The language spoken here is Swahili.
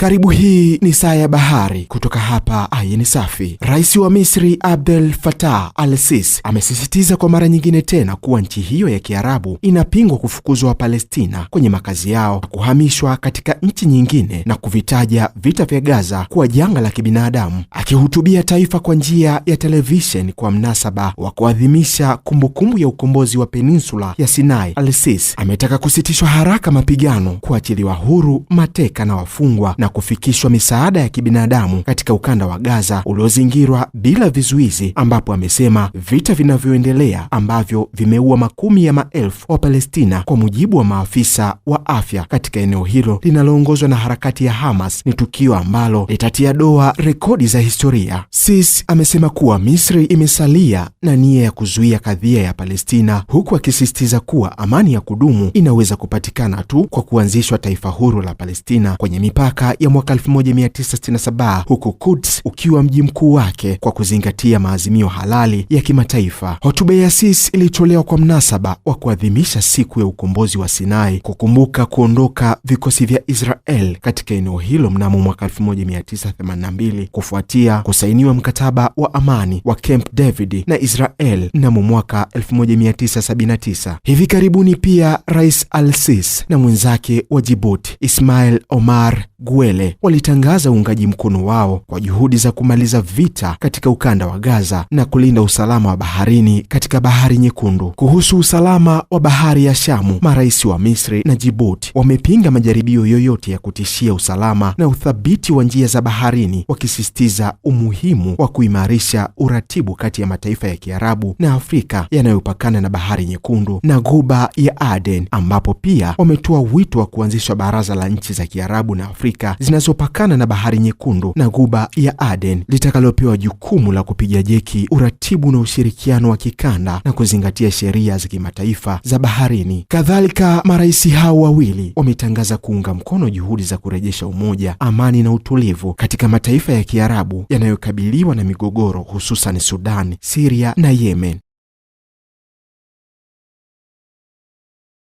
Karibu, hii ni Saa ya Bahari kutoka hapa Ayin Safi. Rais wa Misri Abdel Fattah al-Sisi amesisitiza kwa mara nyingine tena kuwa nchi hiyo ya Kiarabu inapingwa kufukuzwa Wapalestina kwenye makazi yao na kuhamishwa katika nchi nyingine na kuvitaja vita vya Gaza kuwa janga la kibinadamu. Akihutubia taifa kwa njia ya televisheni kwa mnasaba wa kuadhimisha kumbukumbu ya ukombozi wa peninsula ya Sinai, al-Sisi ametaka kusitishwa haraka mapigano, kuachiliwa huru mateka na wafungwa na kufikishwa misaada ya kibinadamu katika ukanda wa Gaza uliozingirwa bila vizuizi, ambapo amesema vita vinavyoendelea ambavyo vimeua makumi ya maelfu wa Palestina, kwa mujibu wa maafisa wa afya katika eneo hilo linaloongozwa na harakati ya Hamas, ni tukio ambalo litatia doa rekodi za historia. Sis amesema kuwa Misri imesalia na nia ya kuzuia kadhia ya Palestina, huku akisisitiza kuwa amani ya kudumu inaweza kupatikana tu kwa kuanzishwa taifa huru la Palestina kwenye mipaka ya mwaka 1967 huku Quds ukiwa mji mkuu wake kwa kuzingatia maazimio halali ya kimataifa. Hotuba ya Asisi ilitolewa kwa mnasaba wa kuadhimisha siku ya ukombozi wa Sinai, kukumbuka kuondoka vikosi vya Israel katika eneo hilo mnamo mwaka 1982 kufuatia kusainiwa mkataba wa amani wa Camp David na Israel mnamo mwaka 1979. Hivi karibuni pia Rais Al-Sisi na mwenzake wa Djibouti Ismail Omar Guelleh Israeli walitangaza uungaji mkono wao kwa juhudi za kumaliza vita katika ukanda wa Gaza na kulinda usalama wa baharini katika bahari nyekundu. Kuhusu usalama wa bahari ya Shamu, marais wa Misri na Djibouti wamepinga majaribio yoyote ya kutishia usalama na uthabiti wa njia za baharini, wakisisitiza umuhimu wa kuimarisha uratibu kati ya mataifa ya Kiarabu na Afrika yanayopakana na bahari nyekundu na Ghuba ya Aden, ambapo pia wametoa wito wa kuanzishwa baraza la nchi za Kiarabu na Afrika zinazopakana na Bahari Nyekundu na Ghuba ya Aden litakalopewa jukumu la kupiga jeki uratibu na ushirikiano wa kikanda na kuzingatia sheria za kimataifa za baharini. Kadhalika, marais hao wawili wametangaza kuunga mkono juhudi za kurejesha umoja, amani na utulivu katika mataifa ya Kiarabu yanayokabiliwa na migogoro, hususan Sudan, Siria na Yemen.